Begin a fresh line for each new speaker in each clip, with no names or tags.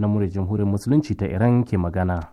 na murya jamhuriyar musulunci ta iran ke magana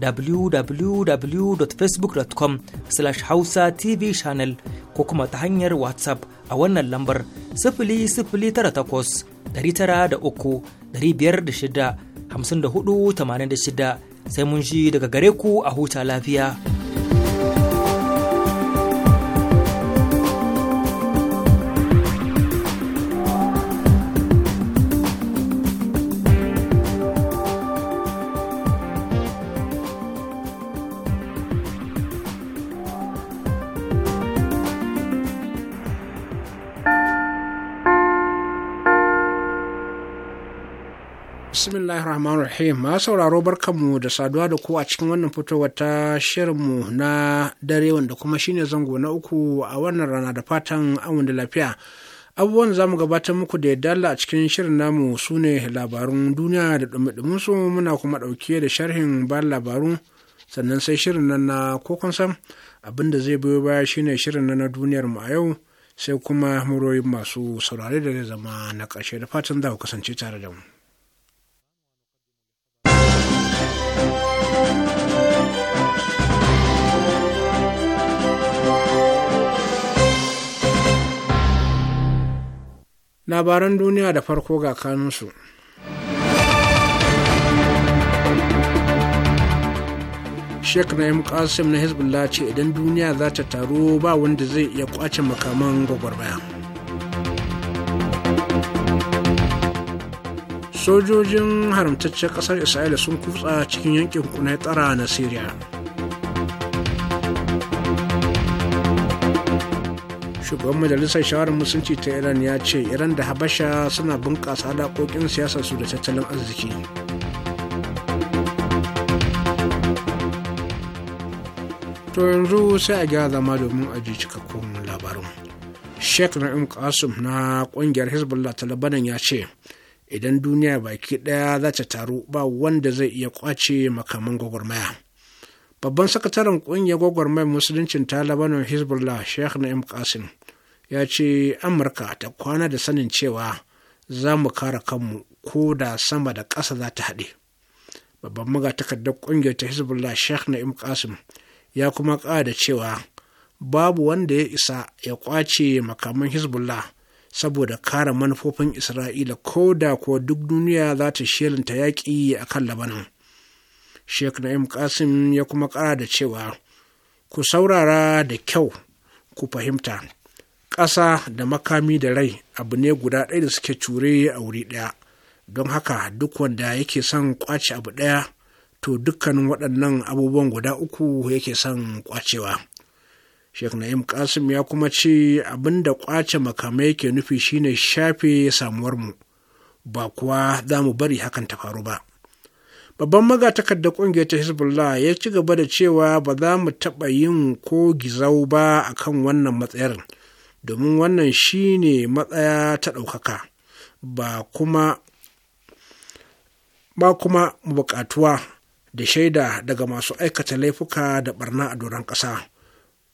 www.facebook.com slash hausa tv channel ko kuma ta hanyar whatsapp a wannan lambar sifili sifili tara takwas ɗari tara da shida hamsin da shida sai mun shi daga gare ku a huta lafiya.
bismillahir rahmanir rahim ma sauraro barkanmu da saduwa da ku a cikin wannan fitowar ta shirinmu na dare wanda kuma shine zango na uku a wannan rana da fatan awon da lafiya abubuwan za mu gabatar muku da dala a cikin shirin namu su ne labarun duniya da dumi su muna kuma ɗauke da sharhin bayan labaru sannan sai shirin nan na kokon sam abin da zai biyo baya shine shirin nan na duniyar mu a yau sai kuma muroyin masu saurare da zama na ƙarshe da fatan za ku kasance tare da mu. labaran duniya da farko ga kanunsu sheikh na'im qasim na hezbollah ce idan duniya za ta taro ba wanda zai iya kwace makaman gwagwarmaya sojojin haramtaccen ƙasar isra'ila sun kutsa cikin yankin kunai tsara na syria shugaban majalisar shawarar musulunci ta iran ya ce iran da habasha suna bunƙasa alaƙoƙin su da tattalin arziki to yanzu sai a gyara zama domin a ji cikakkun labarin sheikh na'im qasim na ƙungiyar hezbollah ta labanan ya ce idan duniya baki ɗaya za ta taru ba wanda zai iya kwace makaman gwagwarmaya babban sakataren ƙungiyar gwagwarmayar musuluncin ta labanan hezbollah sheikh na'im qasim ya ce amurka ta kwana da sanin cewa za mu kare kanmu ko da sama da ƙasa za ta haɗe babban magatakardar ƙungiyar ta hezbollah sheikh na'im qasim ya kuma ƙara da cewa babu wanda ya isa ya ƙwace makaman hezbollah saboda kare manufofin isra'ila ko da kuwa duk duniya za ta shirinta yaƙi a kan labanan sheikh na'im qasim ya kuma ƙara da cewa ku saurara da kyau ku fahimta ƙasa da makami da rai abu ne guda ɗaya da suke cure a wuri ɗaya don haka duk wanda yake son ƙwace abu ɗaya to dukkanin waɗannan abubuwan guda uku yake son ƙwacewa sheikh na'im kasim ya kuma ce abin da ƙwace makamai yake nufi shine shafe samuwar mu, ba kuwa za mu bari hakan ta faru ba babban magatakarda kungiyar ta hezbollah ya ci gaba da cewa ba za mu taɓa yin ko gizau ba akan wannan matsayar domin wannan shi ne matsaya ta ɗaukaka ba kuma ba kuma buƙatuwa da shaida daga masu aikata laifuka da barna a doron ƙasa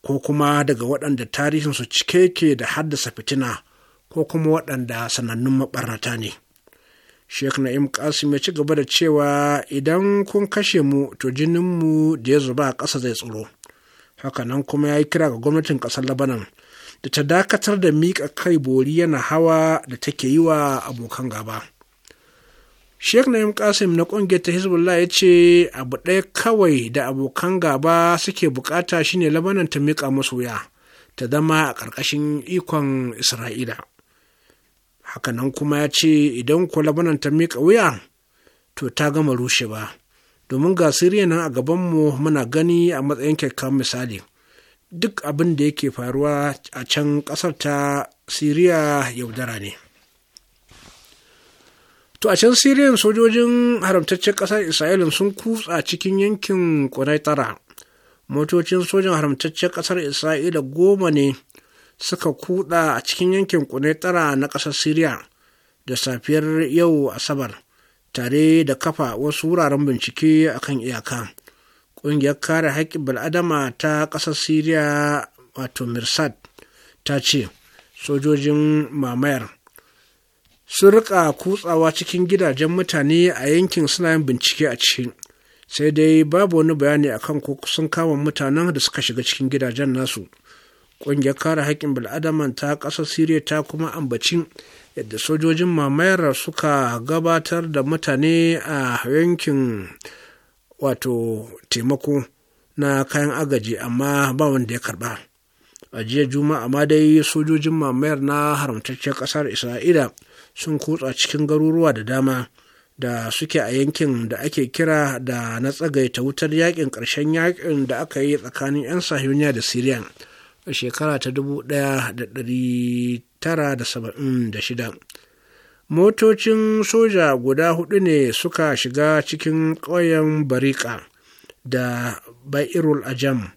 ko kuma daga waɗanda tarihinsu cike ke da haddasa fitina ko kuma waɗanda sanannun maɓarnata ne sheikh na'im kasim ya ci gaba da cewa idan kun kashe mu to jininmu da ya zuba a ƙasa zai tsoro hakanan kuma ya yi kira ga gwamnatin ƙasar labanan da ta dakatar da miƙa kai bori yana hawa da take yi wa abokan gaba sheikh na'im Qasim na ƙungiyar ta hezbollah ya ce abu ɗaya kawai da abokan gaba suke bukata shine labanan ta miƙa masu wuya ta zama a ƙarƙashin ikon isra'ila hakanan kuma ya ce idan ku labanan ta miƙa wuya to ta gama rushe ba domin ga siriya nan a gabanmu muna gani a matsayin kyakkyawan misali duk abin da yake faruwa a can ƙasar ta siriya yaudara ne to a can siriyan sojojin haramtaccen ƙasar isra'ila sun kutsa cikin yankin tara motocin sojan haramtaccen ƙasar isra'ila goma ne suka kuda a cikin yankin tara na ƙasar siriya da safiyar yau asabar tare da kafa wasu wuraren bincike akan iyaka ƙungiyar kare haƙƙin bil'adama ta ƙasar siriya wato mirsad ta ce sojojin mamayar sun riƙa kutsawa cikin gidajen mutane a yankin suna yin bincike a ciki sai dai babu wani bayani akan ko sun kama mutanen da suka shiga cikin gidajen nasu ƙungiyar kare haƙƙin bil'adaman ta ƙasar siriya ta kuma ambaci yadda sojojin mamayar suka gabatar da mutane a yankin wato taimako na kayan agaji amma ba wanda ya karba a jiya juma'a ma dai sojojin mamayar na haramtacciyar ƙasar isra'ila sun kutsa cikin garuruwa da dama da suke a yankin da ake kira da na tsagaita wutar yakin ƙarshen yakin da aka yi tsakanin 'yan sahiyoniya da siriya a shekara ta 1976 motocin soja guda hudu ne suka shiga cikin ƙauyen barika da bairul ajam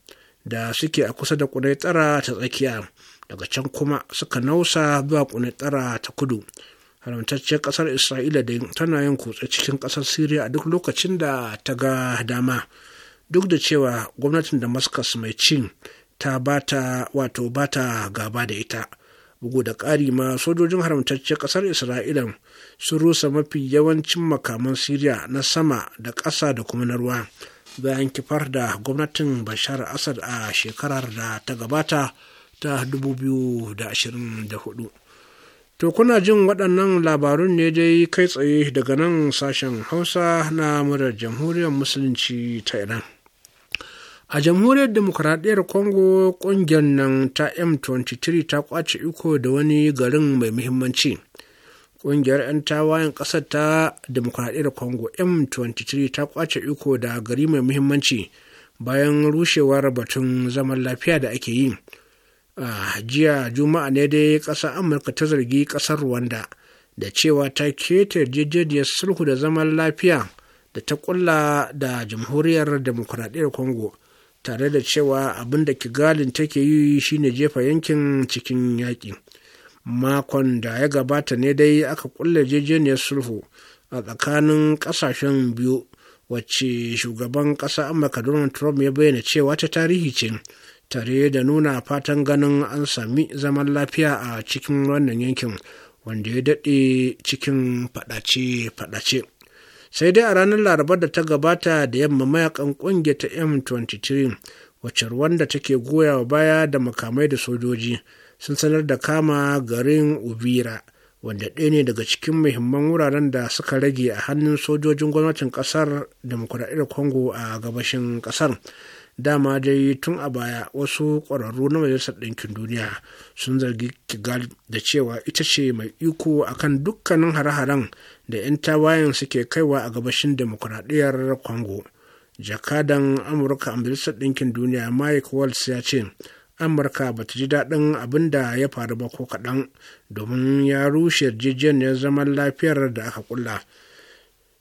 da suke a kusa da tsara ta tsakiya daga can kuma suka nausa zuwa tsara ta kudu haramtacciyar ƙasar isra'ila da tana yin kutse cikin ƙasar syria a duk lokacin da ta ga dama duk da cewa gwamnatin damascus mai cin ta bata wato bata gaba da ita bugu da ƙari ma sojojin haramtaccen ƙasar isra'ila sun rusa mafi yawancin makaman siriya na sama da ƙasa da kuma na ruwa bayan kifar da gwamnatin bashar asad a shekarar da ta gabata ta 2024 to kuna jin waɗannan labarun ne dai kai tsaye daga nan sashen hausa na murar jamhuriyar musulunci ta iran a jamhuriyar demokuraɗiyyar congo ƙungiyar nan ta m23 ta kwace iko da wani garin mai muhimmanci ƙungiyar 'yan tawayen ƙasar ta demokuraɗiyyar congo m23 ta kwace iko da gari mai muhimmanci bayan rushewar batun zaman lafiya da ake yi a jiya juma'a ne dai ƙasar amurka ta zargi ƙasar rwanda da cewa ta keta jejjediyar sulhu da zaman lafiya da ta kulla da jamhuriyar demokuraɗiyyar congo tare da cewa abin da kigalin take yi shine jefa yankin cikin yaƙi makon da ya gabata ne dai aka kulle jejeniyar sulhu a tsakanin ƙasashen biyu wacce shugaban ƙasa amurka donald trump ya bayyana cewa ta tarihi ce tare da nuna fatan ganin an sami zaman lafiya a cikin wannan yankin wanda ya daɗe cikin faɗace-faɗace. sai dai a ranar larabar da ta gabata da yamma mayakan ƙungiyar ta m23 wacce da take goya wa baya da makamai da sojoji sun sanar da kama garin ubira wanda ɗaya ne daga cikin muhimman wuraren da suka rage a hannun sojojin gwamnatin ƙasar demokuraɗiyar congo a gabashin ƙasar dama dai tun a baya wasu ƙwararru na majalisar ɗinkin duniya sun zargi kigali da cewa ita ce mai iko akan dukkanin hare-haren da 'yan tawayen suke kaiwa a gabashin demokuraɗiyar congo jakadan amurka a majalisar ɗinkin duniya mike waltz ya ce amurka ba ta ji daɗin abin da ya faru ba ko kaɗan domin ya rushe yarjejeniyar zaman lafiyar da aka kulla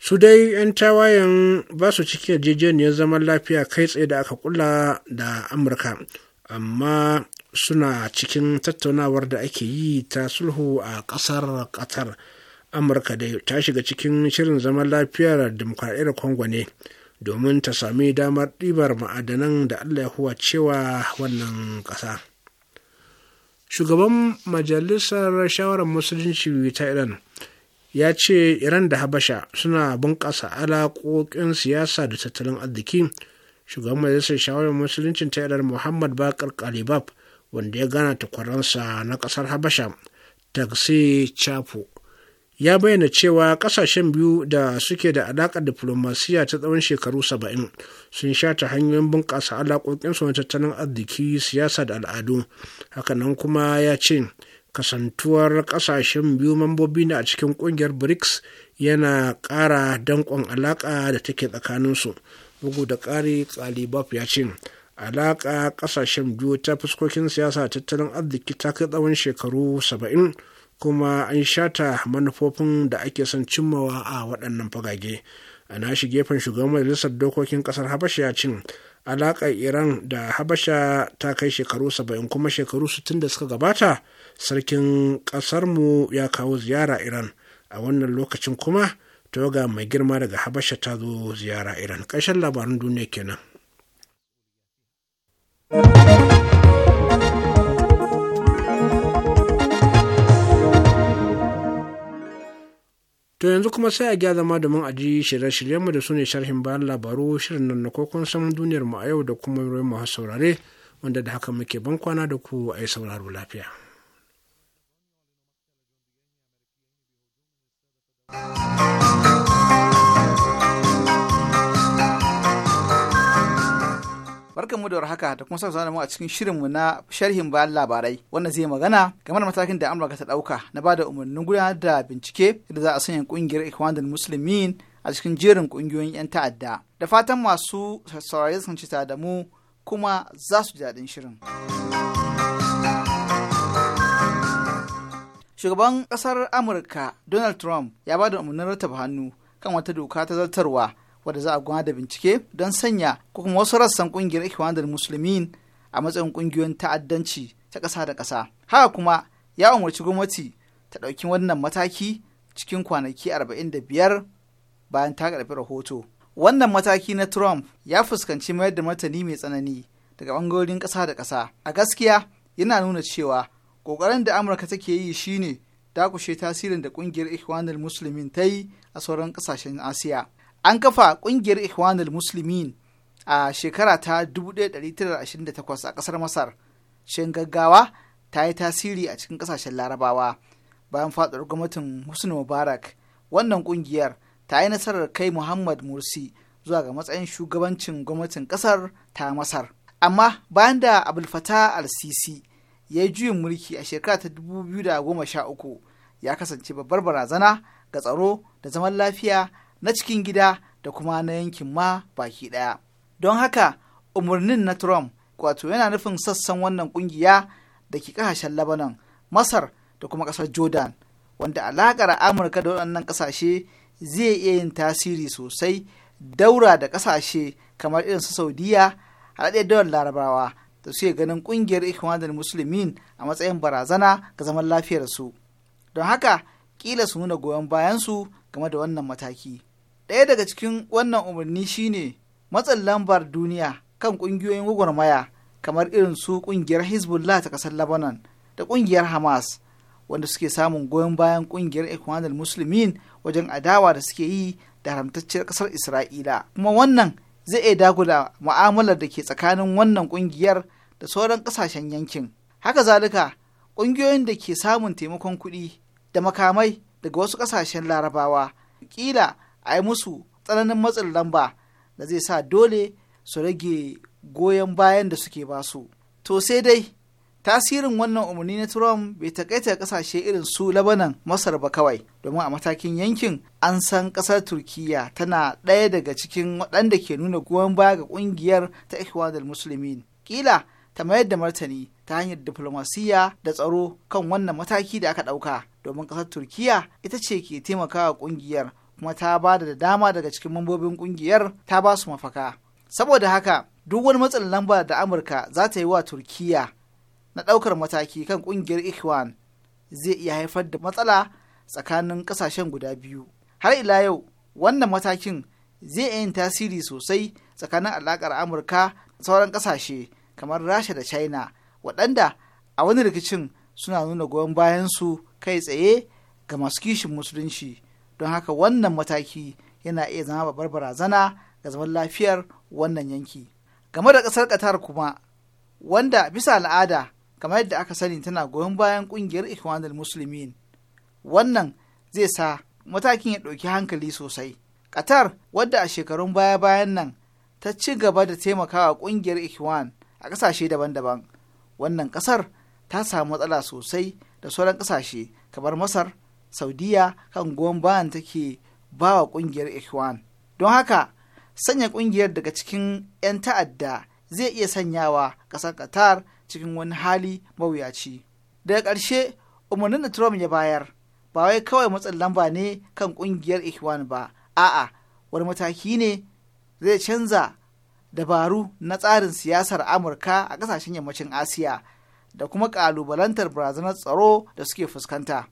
su dai 'yan tawayen ba su cike yarjejeniyar zaman lafiya kai tsaye da aka kulla da amurka amma suna cikin tattaunawar da ake yi ta sulhu a ƙasar ƙatar. amurka da ta shiga cikin shirin zaman lafiyar dimokuraɗiyar congo ne domin ta sami damar ɗibar ma'adanan da allah ya cewa wannan ƙasa shugaban majalisar shawarar musulunci ta iran ya ce iran da habasha suna bunƙasa alaƙoƙin siyasa da tattalin arziki shugaban majalisar shawarar musulunci ta iran muhammad bakar kalibab wanda ya gana takwaransa na ƙasar habasha taksi chapo ya bayyana cewa kasashen biyu da suke da alaƙar diflomasiyya ta tsawon shekaru saba'in sun sha ta hanyoyin bunƙasa alaƙoƙinsu na tattalin arziki siyasa da al'adu hakanan kuma ya ce kasantuwar kasashen biyu mambobi na a cikin ƙungiyar brics yana ƙara danƙon alaƙa da take tsakaninsu bugu da ƙari kalibaf ya ce alaƙa ƙasashen biyu ta fuskokin siyasa tattalin arziki ta kai tsawon shekaru saba'in kuma an shata manufofin da ake son cimmawa a waɗannan fagage a na nashi gefen shugaban majalisar dokokin ƙasar habasha cin alaƙar iran da habasha ta kai shekaru saba'in kuma shekaru sittin da suka gabata sarkin ƙasarmu ya kawo ziyara iran a wannan lokacin kuma toga mai girma daga habasha ta zo ziyara iran ƙarshen labaran duniya kenan. To yanzu kuma sai a gyara zama domin a ji shirye-shiryenmu da su ne sharhin bayan labaru shirin nan na kokon saman duniyar mu a yau da kuma yi mu saurare wanda da haka muke ban kwana da ku a yi sauraro lafiya. thank
you Barkan mu da warhaka da kuma sauka da mu a cikin shirinmu na sharhin bayan labarai wanda zai magana game da matakin da Amurka ta dauka na bada umarnin gudanar da bincike da za a sanya kungiyar Ikhwanul Muslimin a cikin jerin kungiyoyin 'yan ta'adda. Da fatan masu saurari sun ci da mu kuma za su ji daɗin shirin. Shugaban ƙasar Amurka Donald Trump ya ba da umarnin rattaba hannu kan wata doka ta zartarwa wadda za a gudanar da bincike don sanya ko kuma wasu rassan ƙungiyar ikhwanul muslimin a matsayin ƙungiyoyin ta'addanci ta ƙasa da ƙasa haka kuma ya umarci gwamnati ta ɗauki wannan mataki cikin kwanaki arba'in da biyar bayan ta karɓi rahoto wannan mataki na trump ya fuskanci mayar da martani mai tsanani daga ɓangarorin ƙasa da ƙasa a gaskiya yana nuna cewa ƙoƙarin da amurka take yi shine dakushe tasirin da ƙungiyar ikhwanul muslimin ta yi a sauran ƙasashen asiya an kafa ƙungiyar ikhwanul muslimin a shekara ta 1928 a ƙasar masar shin gaggawa ta yi tasiri a cikin ƙasashen larabawa bayan fadar gwamnatin husni mubarak wannan ƙungiyar ta yi nasarar kai muhammad mursi zuwa ga matsayin shugabancin gwamnatin ƙasar ta masar amma bayan da abulfata al-sisi ya yi juyin mulki a shekara ta 2013 ya kasance babbar barazana ga tsaro da zaman lafiya na cikin gida da kuma na yankin ma baki ɗaya. Don haka umarnin na Trump wato yana nufin sassan wannan kungiya da ke kasashen Lebanon, Masar da kuma ƙasar Jordan, wanda alaƙar Amurka da waɗannan ƙasashe zai iya yin tasiri sosai daura da ƙasashe kamar irin su Saudiya, a ɗaya dawar Larabawa da su ganin ƙungiyar Ikhwanul Musulmin a matsayin barazana ga zaman lafiyarsu. Don haka, ƙila su nuna goyon bayansu game da wannan mataki. ɗaya daga cikin wannan umarni shine matsin lambar duniya kan ƙungiyoyin gwagwarmaya kamar irin su ƙungiyar hezbollah ta ƙasar lebanon da ƙungiyar hamas wanda suke samun goyon bayan ƙungiyar ikwanul musulmin wajen adawa da suke yi da haramtacciyar ƙasar isra'ila kuma wannan zai iya dagula mu'amalar da ke tsakanin wannan ƙungiyar da sauran ƙasashen yankin haka zalika ƙungiyoyin da ke samun taimakon kuɗi da makamai daga wasu ƙasashen larabawa kila a yi musu tsananin matsin lamba da zai sa dole su rage goyon bayan da suke basu. To sai dai tasirin wannan umarni na Trump bai takaita kasashe irin su Labanan Masar ba kawai domin a matakin yankin an san kasar Turkiyya tana ɗaya daga cikin waɗanda ke nuna goyon baya ga ƙungiyar ta Ikhwanul musulmi Kila ta mayar da martani ta hanyar diflomasiyya da tsaro kan wannan mataki da aka ɗauka domin ƙasar Turkiyya ita ce ke taimakawa ƙungiyar kuma ta ba da dama daga cikin mambobin kungiyar ta ba su mafaka saboda haka duk wani matsin lamba da amurka za ta yi wa turkiya na ɗaukar mataki kan kungiyar ikhwan zai iya haifar da matsala tsakanin ƙasashen guda biyu har ila yau wannan matakin zai iya yin tasiri sosai tsakanin alaƙar amurka da sauran ƙasashe kamar rasha da china waɗanda a wani rikicin suna nuna goyon su kai tsaye ga masu kishin musulunci don haka wannan mataki yana iya zama babbar barazana ga zaman lafiyar wannan yanki game da ƙasar qatar kuma wanda bisa al'ada kamar yadda aka sani tana goyon bayan ƙungiyar ikhwanul muslimin wannan zai sa matakin ya ɗauki hankali sosai qatar wadda a shekarun baya bayan nan ta ci gaba da taimakawa ƙungiyar ikhwan a ƙasashe daban-daban wannan ƙasar ta samu matsala sosai da sauran ƙasashe kamar masar saudiya kan goyon bayan take ba wa ƙungiyar ikhwan don haka sanya ƙungiyar daga cikin 'yan ta'adda zai iya sanyawa ƙasar qatar cikin wani hali mawuyaci daga ƙarshe umarnin da trump ya bayar ba wai kawai matsin lamba ne kan ƙungiyar ikhwan ba a'a wani mataki ne zai canza dabaru na tsarin siyasar amurka a ƙasashen yammacin asiya da kuma ƙalubalantar barazanar tsaro da suke fuskanta.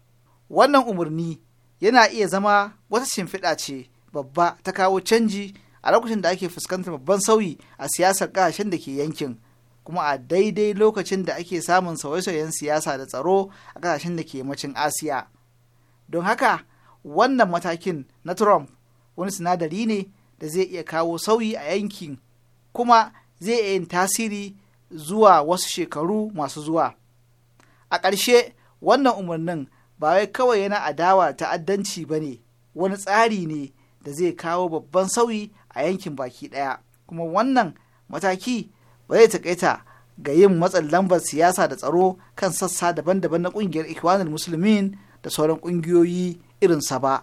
wannan umarni yana iya zama wata shimfiɗa ce babba ta kawo canji a lokacin da ake fuskantar babban sauyi a siyasar ƙasashen da ke yankin kuma a daidai lokacin da ake samun sauye-sauyen siyasa da tsaro a ƙasashen da ke yammacin asiya don haka wannan matakin na trump wani sinadari ne da zai iya kawo sauyi a yankin kuma zai iya yin tasiri zuwa wasu shekaru masu zuwa a ƙarshe wannan umarnin ba wai kawai yana adawa ta'addanci ba ne wani tsari ne da zai kawo babban sauyi a yankin baki ɗaya kuma wannan mataki ba zai takaita ga yin matsin lambar siyasa da tsaro kan sassa daban-daban na ƙungiyar ikwanul musulmin da sauran ƙungiyoyi irinsa ba.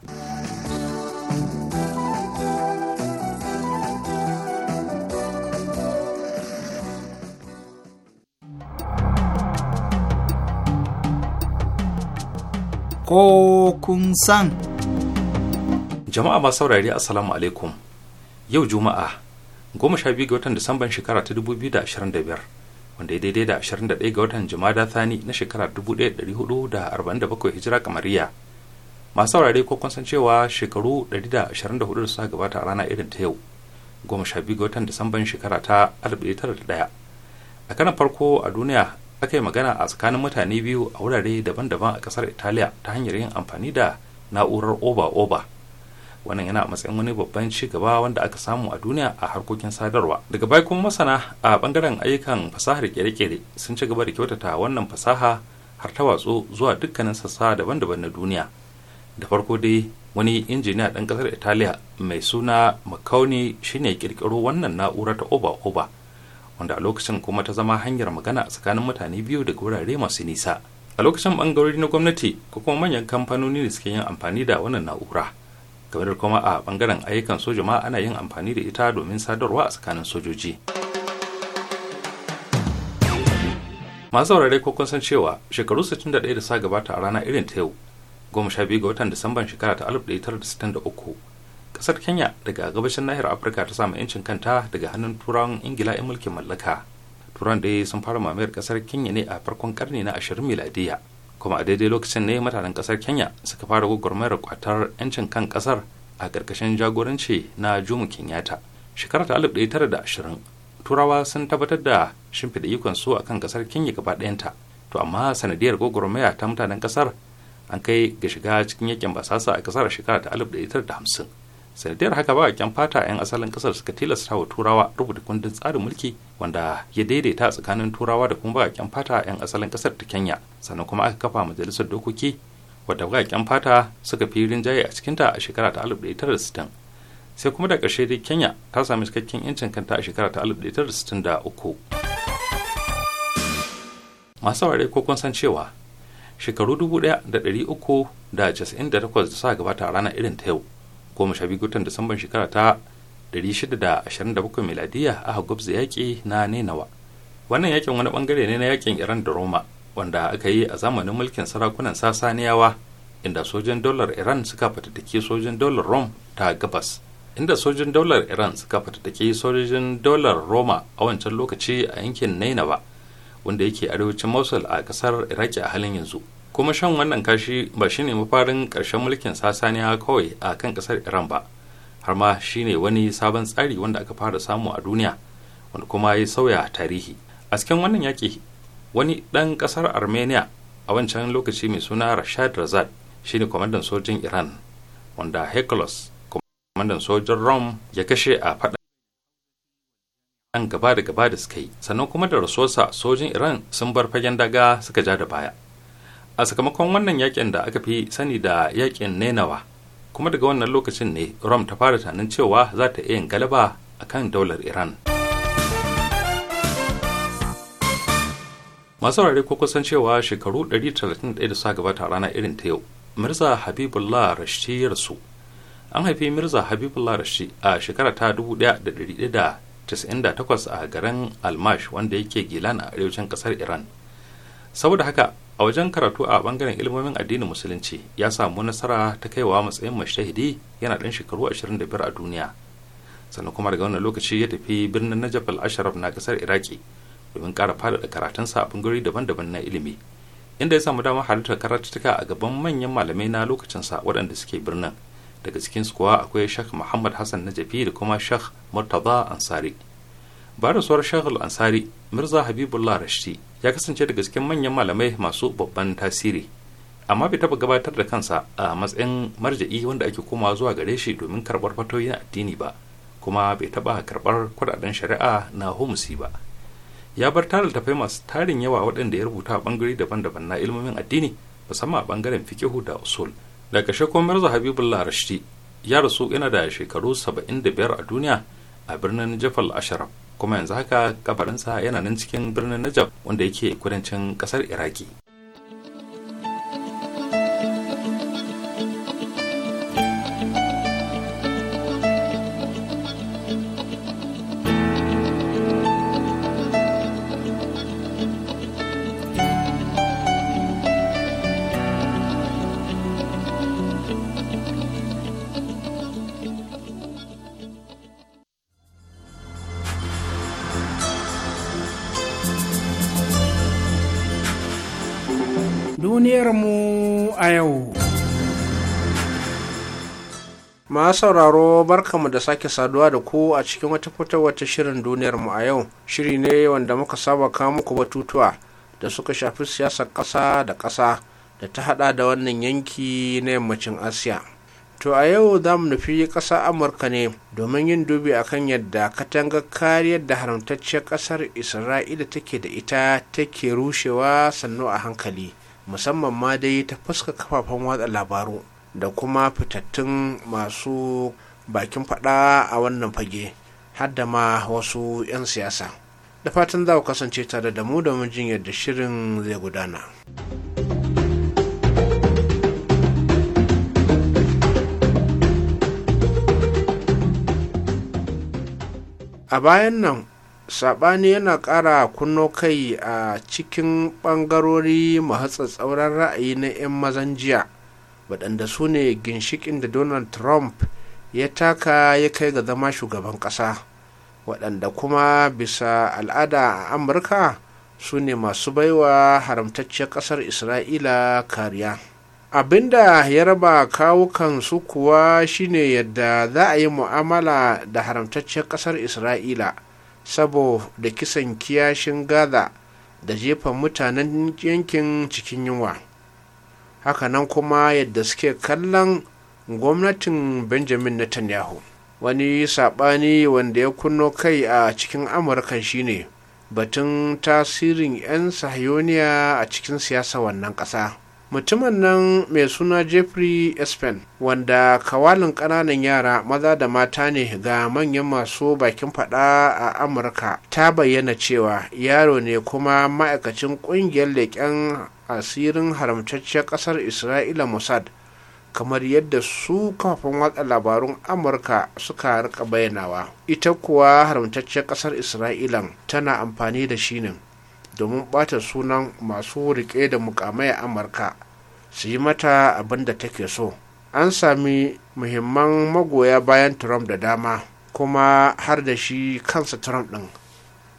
ko kun san.
Jama'a masu saurari Assalamu alaikum. Yau Juma'a, goma sha biyu ga watan Disamban shekara ta dubu biyu da ashirin da biyar, wanda ya daidai da ashirin da ɗaya ga watan Jumada Thani na shekara dubu ɗaya da ɗari hudu da arba'in da bakwai hijira kamariya. Masu saurari ko kun san cewa shekaru ɗari da ashirin da hudu da suka gabata a rana irin ta yau, goma sha biyu ga watan Disamban shekara ta alif ɗaya tara da ɗaya. A karan farko a duniya aka yi magana a tsakanin mutane biyu a wurare daban-daban a kasar italiya ta hanyar yin amfani da na'urar oba-oba wannan yana matsayin wani babban ci gaba wanda aka samu a duniya a harkokin sadarwa daga baya kuma masana a bangaren ayyukan fasahar kere-kere sun ci gaba da kyautata wannan fasaha har ta watsu zuwa dukkanin sassa daban-daban na duniya da farko dai wani injiniya ɗan ƙasar italiya mai suna makauni shine ƙirƙiro wannan na'ura ta oba-oba wanda a lokacin kuma ta zama hanyar magana a tsakanin mutane biyu daga wurare masu nisa a lokacin bangarori na gwamnati ko kuma manyan kamfanoni da suke yin amfani da wannan na'ura game da kuma a bangaren ayyukan soja ma ana yin amfani da ita domin sadarwa a tsakanin sojoji masu saurare ko kun san cewa shekaru 61 da sa gabata a rana irin ta yau 12 ga watan disamban shekara ta 1963 kasar kenya daga gabashin nahiyar afirka ta samu 'yancin kanta daga hannun turawan ingila 'yan mulkin mallaka turan da sun fara mamayar kasar kenya ne a farkon karni na 20 miladiya kuma a daidai lokacin ne mutanen kasar kenya suka fara gwagwarmayar kwatar 'yancin kan kasar a ƙarƙashin jagoranci na jomo kenyatta shekarar ta 1920 turawa sun tabbatar da shimfiɗa ikon su a kan kasar kenya gaba ɗayanta to amma sanadiyar gwagwarmaya ta mutanen kasar an kai ga shiga cikin yakin basasa a kasar shekara ta 1950 sanadiyar haka baƙaƙen fata 'yan asalin kasar suka tilasta wa turawa rubuta kundin tsarin mulki wanda ya daidaita tsakanin turawa da kuma baƙaƙen fata 'yan asalin ƙasar ta kenya sannan kuma aka kafa majalisar dokoki wadda baƙaƙen fata suka fi rinjaye a cikinta a shekara ta 1960 sai kuma da ƙarshe dai kenya ta sami cikakken 'yancin kanta a shekara ta 1963 masu ware ko kun san cewa shekaru 1398 da suka gabata a ranar irin ta yau goma sha biyu watan disamban shekara ta 627 miladiya aka gwabza yaƙi na nenawa wannan yakin wani bangare ne na yakin iran da roma wanda aka yi a zamanin mulkin sarakunan sasaniyawa inda sojin dolar iran suka fatattake sojin dolar rom ta gabas inda sojin dolar iran suka fatattake sojin dolar roma a wancan lokaci a yankin nainawa wanda yake arewacin mosul a ƙasar iraki a halin yanzu kuma shan wannan kashi ba shine mafarin karshen mulkin sasaniya kawai a kan ƙasar iran ba har ma shine wani sabon tsari wanda aka fara samu a duniya wanda kuma ya sauya tarihi a cikin wannan yaƙi wani ɗan ƙasar armenia a wancan lokaci mai suna rashad razad shine kwamandan sojin iran wanda hekulos kwamandan sojin rom ya kashe a faɗa an gaba da gaba da suka yi sannan kuma da rasuwarsa sojin iran sun bar fagen daga suka ja da baya a sakamakon wannan yakin da aka fi sani da yakin nenawa kuma daga wannan lokacin ne rom ta fara tunanin cewa za ta iya galaba a kan daular iran masu rare ko kusan cewa shekaru 131 da suka gabata rana irin ta yau mirza habibullah rashi ya rasu an haifi mirza habibullah rashi a shekara ta 1998 a garin almash wanda yake gilan a arewacin kasar iran saboda haka a wajen karatu a bangaren ilimomin addinin musulunci ya samu nasara ta kaiwa matsayin mashtahidi yana ɗan shekaru 25 a duniya sannan kuma daga wannan lokaci ya tafi birnin najaf al-asharaf na kasar iraki domin ƙara faɗaɗa karatunsa a bangarori daban-daban na ilimi inda ya samu damar halartar karatuttuka a gaban manyan malamai na sa waɗanda suke birnin daga su kuwa akwai shak muhammad hassan najafi da kuma shak murtaza ansari ba da suwar shak al-ansari mirza habibullah rashidi ya kasance daga cikin manyan malamai masu babban tasiri amma bai taba gabatar da kansa a matsayin marja'i wanda ake komawa zuwa gare shi domin karbar fatoyin addini ba kuma bai taba karbar kudaden shari'a na homsi ba ya bar tara tafai masu tarin yawa waɗanda ya rubuta a bangare daban-daban na ilmomin addini musamman a bangaren fikihu da usul da kashe kuma mirza habibullah rashidi ya rasu yana da shekaru saba'in da biyar a duniya a birnin jafal asharaf kuma yanzu haka kabarinsa yana nan cikin birnin najaf wanda yake kudancin kasar iraki
masu sauraro mu da sake saduwa da ku a cikin wata fitar wata shirin duniyar mu a yau shiri ne wanda muka saba kawo muku batutuwa da suka shafi siyasar ƙasa da ƙasa da ta hada da wannan yanki na yammacin asiya to a yau za mu nufi ƙasa amurka ne domin yin dubi a kan yadda katangar kariyar da haramtacciyar ƙasar isra'ila take da ita take rushewa sannu a hankali musamman ma dai ta fuska kafafen watsa labaru da kuma fitattun masu bakin fada a wannan fage hadda ma wasu 'yan siyasa da fatan za ku kasance tare da mu domin jin yadda shirin zai gudana. a bayan nan saɓani yana ƙara kunno kai a cikin ɓangarori tsauran ra'ayi na 'yan mazan jiya waɗanda su ne ginshikin da donald trump ya taka ya kai ga zama shugaban ƙasa waɗanda kuma bisa al'ada a amurka su ne masu baiwa haramtacciyar ƙasar isra'ila kariya abinda ya raba kawukan su kuwa shine yadda za a yi mu'amala da haramtacciyar ƙasar isra'ila saboda kisan kiyashin gaza da jefan mutanen yankin cikin yunwa hakanan kuma yadda suke kallon gwamnatin benjamin netanyahu wani saɓani wanda ya kunno kai a cikin amurka shine batun tasirin 'yan sahiyoniya a cikin siyasa wannan ƙasa mutumin nan mai suna jeffrey espen wanda kawalin ƙananan yara maza da mata ne ga manyan masu bakin fada a amurka ta bayyana cewa yaro ne kuma ma'aikacin ƙungiyar leƙen asirin haramtacciyar ƙasar isra'ila mossad kamar yadda su kafafen watsa labarun amurka suka rika bayanawa ita kuwa haramtacciyar ƙasar isra'ila tana amfani da shi ne domin ɓata sunan masu riƙe da mukamai amurka su yi mata abin da take so an sami muhimman magoya bayan trump da dama kuma har da shi kansa trump ɗin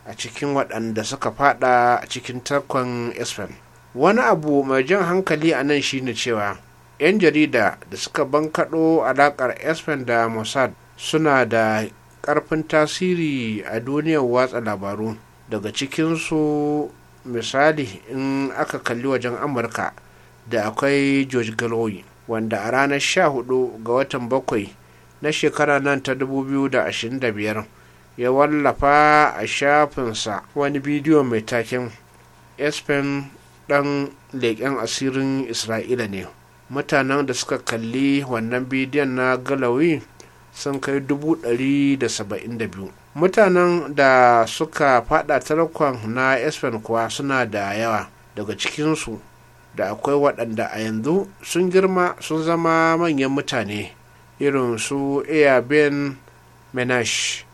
a cikin waɗanda suka fada cikin tarkon espen wani abu mai jan hankali a nan shine cewa 'yan jarida da suka bankaɗo alaƙar espen da mossad suna da ƙarfin tasiri a duniyar watsa labaru daga cikinsu misali in aka kalli wajen amurka da akwai george galloway wanda a ranar 14 ga watan bakwai na shekara nan ta 2025 ya wallafa a shafinsa wani bidiyo mai taken espen ɗan leƙen asirin isra'ila ne mutanen da suka kalli wannan bidiyon na galawi sun kai dubu ɗari da saba'in biyu. mutanen da suka fada tarkon na espen kuwa suna da yawa daga cikinsu da akwai waɗanda a yanzu sun girma sun zama manyan mutane irin su ben menash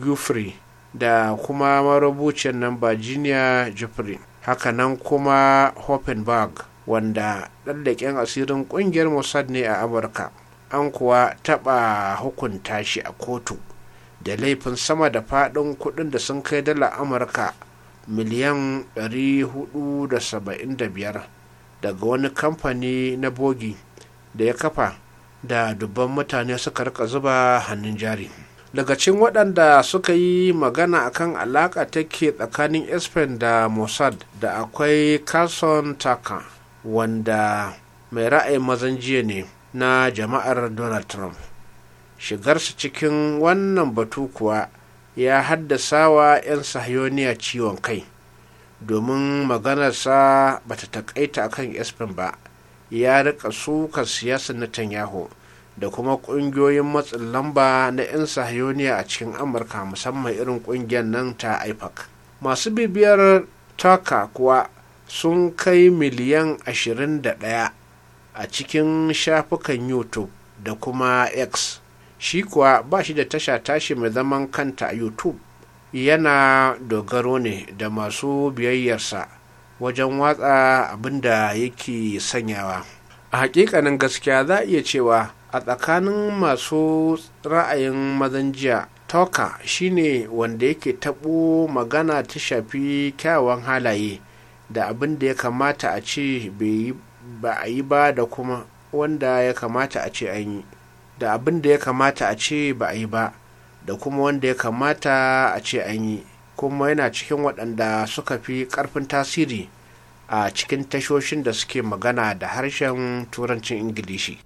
gufri da kuma marubuciyar nan virginia jeffrey hakanan kuma hoffenberg wanda ɗallaken asirin ƙungiyar mossad ne a amurka an kuwa taɓa hukunta shi a kotu da laifin sama da faɗin kuɗin da sun kai dala amurka miliyan 475 daga wani kamfani na bogi da ya kafa da dubban mutane suka rika zuba hannun jari daga cikin waɗanda suka yi magana akan alaƙa take tsakanin espen da mossad da akwai carson taka wanda mai ra'ayin mazan jiya ne na jama'ar donald trump shigarsa cikin wannan batu kuwa ya haddasa wa 'yan sahiyoniya ciwon kai domin maganarsa bata takaita akan espen ba ya rika suka na tanyahu da kuma kungiyoyin matsin lamba na 'yan sahiyoniya a cikin amurka musamman irin kungiyar nan ta ipac masu bibiyar taka kuwa sun kai miliyan 21 a cikin shafukan youtube da kuma x shi kuwa ba shi da tasha tashi mai zaman kanta a youtube yana dogaro ne da masu biyayyarsa wajen watsa abinda yake sanyawa a hakikanin gaskiya za a iya cewa a tsakanin masu ra'ayin mazan jiya toka shine wanda yake tabo magana ta shafi kyawawan halaye da abin da ya kamata a ce ba a yi ba da kuma wanda ya kamata a ce an yi da abin da ya kamata a ce ba a yi ba da kuma wanda ya kamata a ce an yi kuma yana cikin waɗanda suka fi ƙarfin tasiri a cikin tashoshin da suke magana da harshen turancin ingilishi.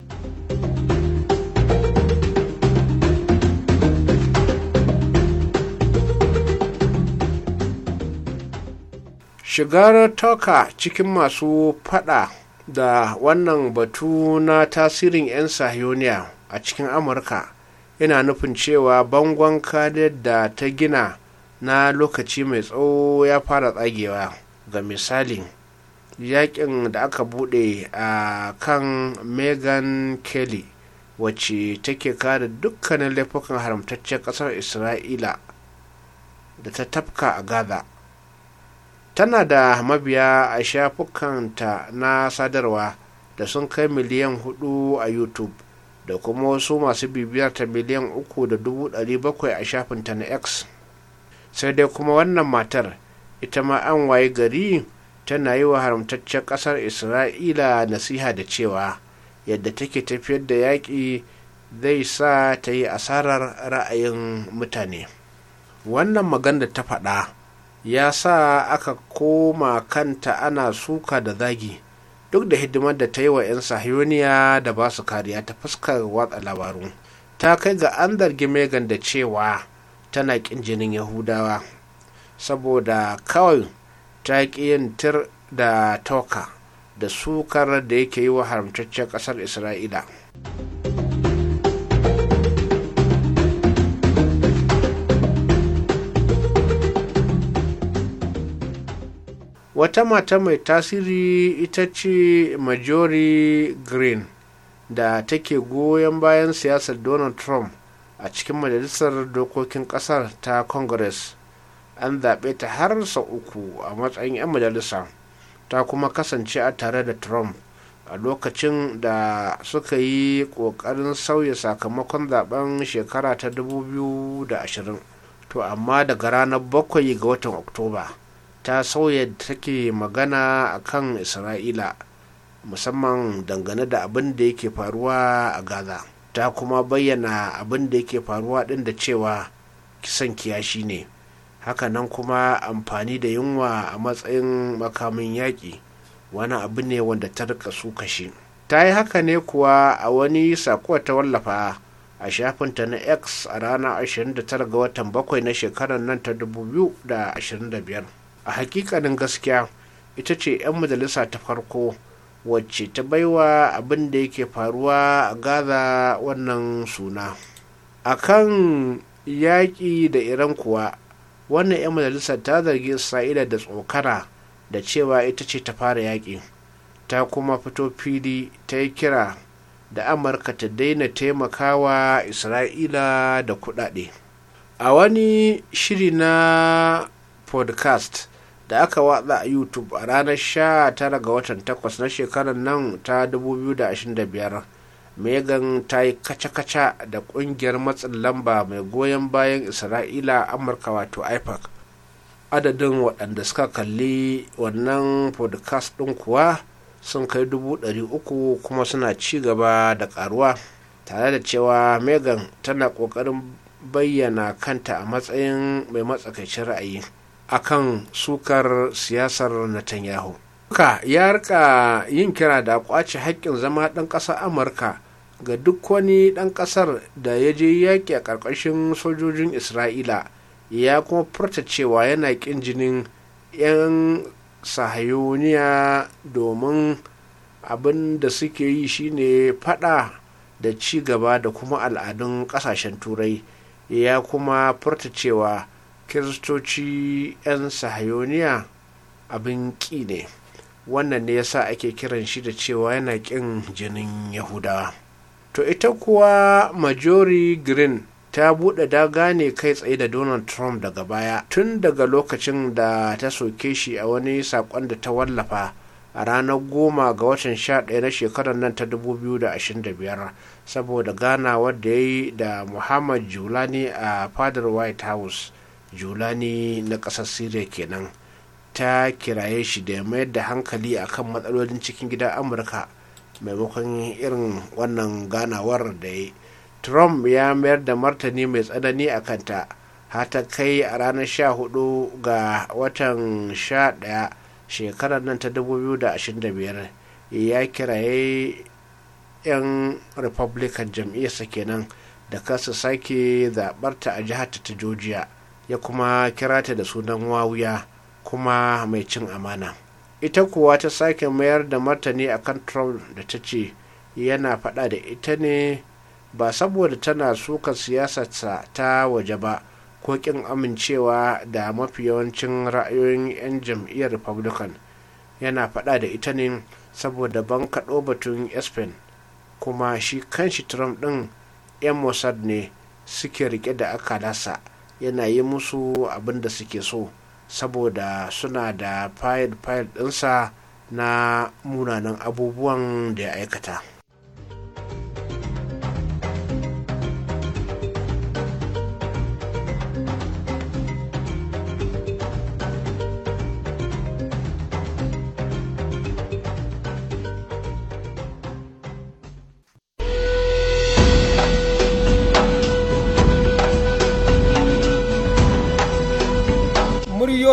shigar toka cikin masu fada da wannan batu na tasirin 'yan sahiyoniya a cikin amurka yana nufin cewa bangon kadar da ta gina na lokaci mai tsawo ya fara tsagewa ga misali yakin da aka bude a kan megan kelly wacce take kare dukkanin laifukan haramtaccen kasar isra'ila da ta tafka a gaza tana da mabiya a shafukanta na sadarwa da sun kai miliyan hudu a youtube da kuma wasu masu bibiyar ta miliyan uku da dubu ɗari bakwai a shafinta na x sai dai kuma wannan matar ita ma an waye gari tana yi wa haramtaccen ƙasar isra'ila nasiha da cewa yadda take tafiyar da yaƙi zai sa ta yi asarar ra'ayin mutane wannan magana ta faɗa ya sa aka koma kanta ana suka da zagi duk da hidimar da ta yi wa 'yan sahiyoniya da ba su kariya ta fuskar watsa labaru ta kai ga an zargi megan da cewa tana ƙin jinin yahudawa saboda kawai ta ƙi yin tir da toka da sukar da yake yi wa haramtaccen ƙasar isra'ila wata mata mai tasiri ita ce majori green da take goyon bayan siyasar donald trump a cikin majalisar dokokin kasar ta congress an zaɓe ta har sau uku a matsayin 'yan majalisa ta kuma kasance a tare da trump a lokacin da suka yi ƙoƙarin sauya sakamakon zaben shekara ta 2020 to amma daga ranar bakwai ga watan oktoba ta sauya take magana a kan isra'ila musamman dangane da abin da yake faruwa a gaza ta kuma bayyana abin da yake faruwa ɗin da cewa kisan kiyashi ne haka nan kuma amfani da yunwa a matsayin makamin yaƙi wani abu ne wanda ta rika su kashe ta yi haka ne kuwa a wani sako ta wallafa a shafinta na x a ranar 29 ga watan 7 na shekarar nan ta 2025 a hakikanin gaskiya ita ce 'yan majalisa ta farko wacce ta baiwa abin da yake faruwa a gaza wannan suna a kan yaƙi da iran kuwa wannan 'yan majalisa ta zargi isra'ila da tsokara da cewa ita ce ta fara yaƙi ta kuma fito fili ta yi kira da amurka ta daina taimakawa isra'ila da kuɗaɗe a wani shiri na podcast da aka watsa a youtube a ranar 19 ga watan 8 na shekarar nan ta 2025 megan ta yi kaca-kaca da kungiyar matsin lamba mai goyon bayan isra'ila amurka wato ipac adadin waɗanda suka kalli wannan podcast ɗin kuwa sun kai dubu ɗari uku kuma suna ci gaba da ƙaruwa tare da cewa megan tana ƙoƙarin bayyana kanta a matsayin mai matsakaicin ra'ayi akan sukar siyasar netanyahu ka ya rika yin kira da kwace haƙƙin zama ɗan ƙasar amurka ga duk wani ɗan ƙasar da ya je yaƙi a ƙarƙashin sojojin isra'ila ya kuma furta cewa yana ƙin jinin 'yan sahayoniya domin abin da suke yi shine fada da ci gaba da kuma al'adun ƙasashen turai ya kuma furta cewa kiristoci 'yan sahayoniya abin ƙi ne wannan ne yasa ake kiran shi da cewa yana ƙin jinin Yahuda. to ita kuwa majori green ta buɗe daga ne kai tsaye da donald trump daga baya tun daga lokacin da ta soke shi a wani saƙon da ta wallafa a ranar goma ga watan sha ɗaya na shekarar nan ta 2025 saboda gana wadda ya yi da muhammad julani a fadar white house julani na ƙasar syria kenan ta kiraye shi da mayar da hankali akan matsalolin cikin gida amurka maimakon irin wannan ganawar da ya trump ya mayar da martani mai tsanani a kanta hata kai a ranar 14 ga watan 11 shekarar nan ta 2025 ya kiraye 'yan republican jam'iyyarsa kenan da kasa sake zaɓarta a jihar ta georgia ya kuma kira ta da sunan wawuya kuma mai cin amana ita kuwa ta sake mayar da martani akan trump da ta ce yana faɗa da ita ne ba saboda tana suka siyasarsa ta waje ba ko ƙin amincewa da mafi yawancin ra'ayoyin 'yan jam'iyyar republican yana faɗa da ita ne saboda ban kaɗo batun espen kuma shi kanshi trump ɗin 'yan mossad ne suke rike da akalasa yana yi musu abin da suke so saboda suna da fayil-fayil ɗinsa na munanan abubuwan da ya aikata.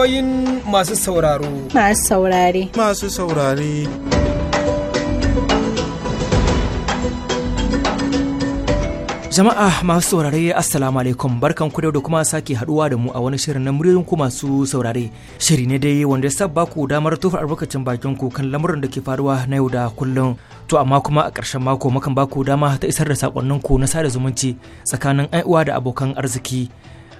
Ra'ayoyin masu sauraro.
Masu saurare. Masu
saurare. Jama'a masu saurare Assalamu alaikum barkan ku da kuma sake haduwa da mu a wani shirin na muryoyin ku masu saurare. Shiri ne dai wanda ya ba ku damar tofa albarkacin bakin ku kan lamurin da ke faruwa na yau da kullum. To amma kuma a ƙarshen mako mukan ba ku dama ta isar da sakonninku ku na sada zumunci tsakanin ai'uwa da abokan arziki.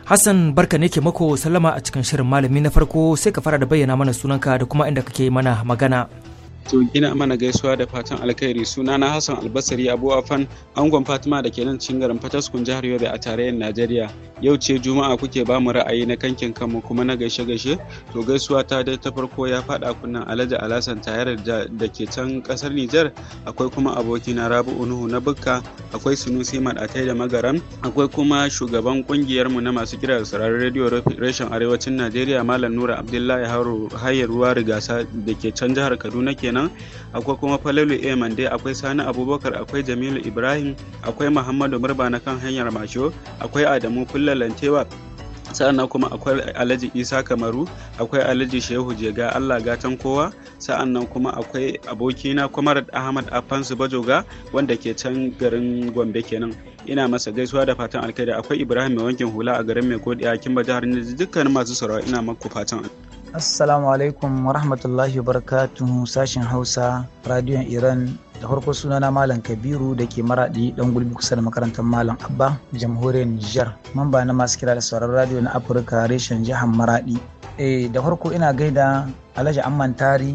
Hassan barka ne ke mako sallama a cikin shirin malami na farko sai ka fara da bayyana mana sunanka da kuma inda kake mana magana.
to gina mana gaisuwa da fatan alkhairi suna na Hassan Albasari Abu angon Fatima da ke nan cikin garin Fataskun jihar Yobe a tarayyar Najeriya yau ce juma'a kuke ba mu ra'ayi na kankin kanmu kuma na gaishe gaishe to gaisuwa ta dai ta farko ya faɗa kunnan Alhaji Alhassan tayar da ke can kasar Nijar akwai kuma abokina Rabi'u Nuhu na Bukka akwai Sunusi Madatai da magaran akwai kuma shugaban kungiyar mu na masu kira da sauraron rediyo reshen arewacin Najeriya Malam Nura Abdullahi Hayar Ruwa Rigasa da ke can jihar Kaduna kenan kenan akwai kuma falalu a mande akwai sani abubakar akwai jamilu ibrahim akwai muhammadu murba na kan hanyar masho akwai adamu kullalantewa sa'annan kuma akwai alhaji isa kamaru akwai alhaji shehu jega allah gatan kowa sa'annan kuma akwai abokina kwamar ahmad afansu bajoga wanda ke can garin gombe kenan ina masa gaisuwa da fatan alkaida akwai ibrahim mai wankin hula a garin mai kodi a kimba jihar dukkanin masu sarawa ina maku fatan alkaida
Assalamu alaikum wa rahmatullahi barakatuhu sashen Hausa radiyon Iran da farko sunana Malam Kabiru da ke maraɗi ɗan gulbi kusa da makarantar Malam Abba jamhuriyar Nijar mamba na masu kira da sauran radiyo na Afirka reshen jihar maraɗi. Eh da farko ina gaida Alhaji Amman Tari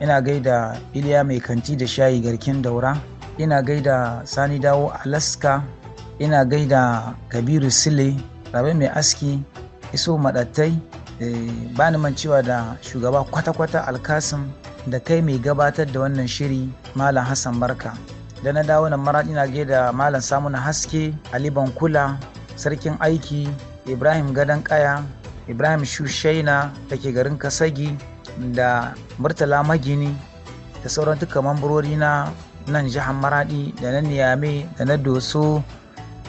ina gaida Iliya Mai Kanti da Shayi Garkin Daura ina gaida Sani Dawo Alaska ina gaida Kabiru Sile Rabe Mai Aski Iso Maɗattai Eh, ba ni cewa da shugaba kwata-kwata alkasim da kai mai gabatar da wannan shiri malam hassan barka da na dawo nan maraɗi na da malam samun haske ali bankula sarkin aiki ibrahim gadon kaya ibrahim shushaina da ke garin kasagi da murtala magini da sauran duka mambarori na nan jihar maradi da na niyame da na doso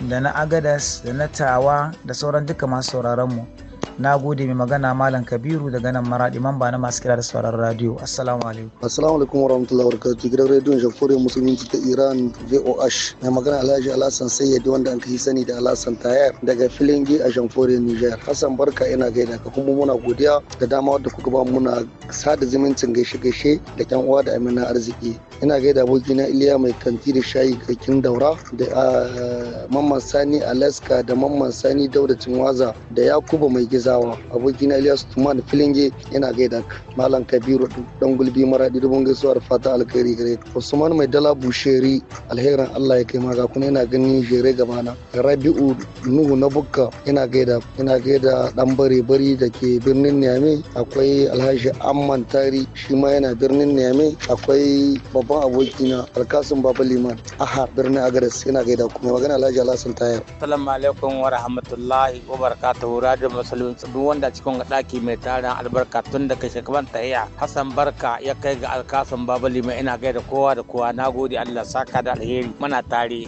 da na agadas da na tawa da sauran duka masu sauraronmu mu na gode mai magana malam kabiru daga nan maradi mamba na masu kira da sauran radio assalamu alaikum assalamu
alaikum wa barakatuh gidan rediyon jamhuriyar musulunci ta iran voh mai magana alhaji alhassan sayyadi wanda an kai sani da alhassan tayar daga filingi a jamhuriyar nijar hassan barka ina gaida ka kuma muna godiya da dama wadda kuka ba muna sada zumuncin gaishe gaishe da yan uwa da amina arziki ina gaida abokina iliya mai kanti da shayi kakin daura da ah, mamman sani alaska da mamman sani dauda cinwaza da yakuba mai giza Gezawa abokina Ilyas Tuman Filinge yana gaida ka Malam Kabiru dan gulbi maradi da gaisuwa suwar fata alkhairi gare Usman Mai Dala Busheri alherin Allah ya kai maka kuma yana ganin jere na Rabiu Nuhu na Bukka yana gaida yana gaida dan bare bari dake birnin Niamey akwai Alhaji Amman Tari shi ma yana birnin Niamey akwai babban abokina Alkasim Baba Liman aha birnin Agares yana gaida kuma magana Alhaji Alhassan Tayar
Assalamu alaikum wa rahmatullahi wa barakatuhu radio musulmi duk wanda cikin ɗaki mai tarin albarka tun da daga ta iya Hassan Barka ya kai ga alkasan Babali mai ina da kowa da kowa nagode Allah saka da alheri muna tare.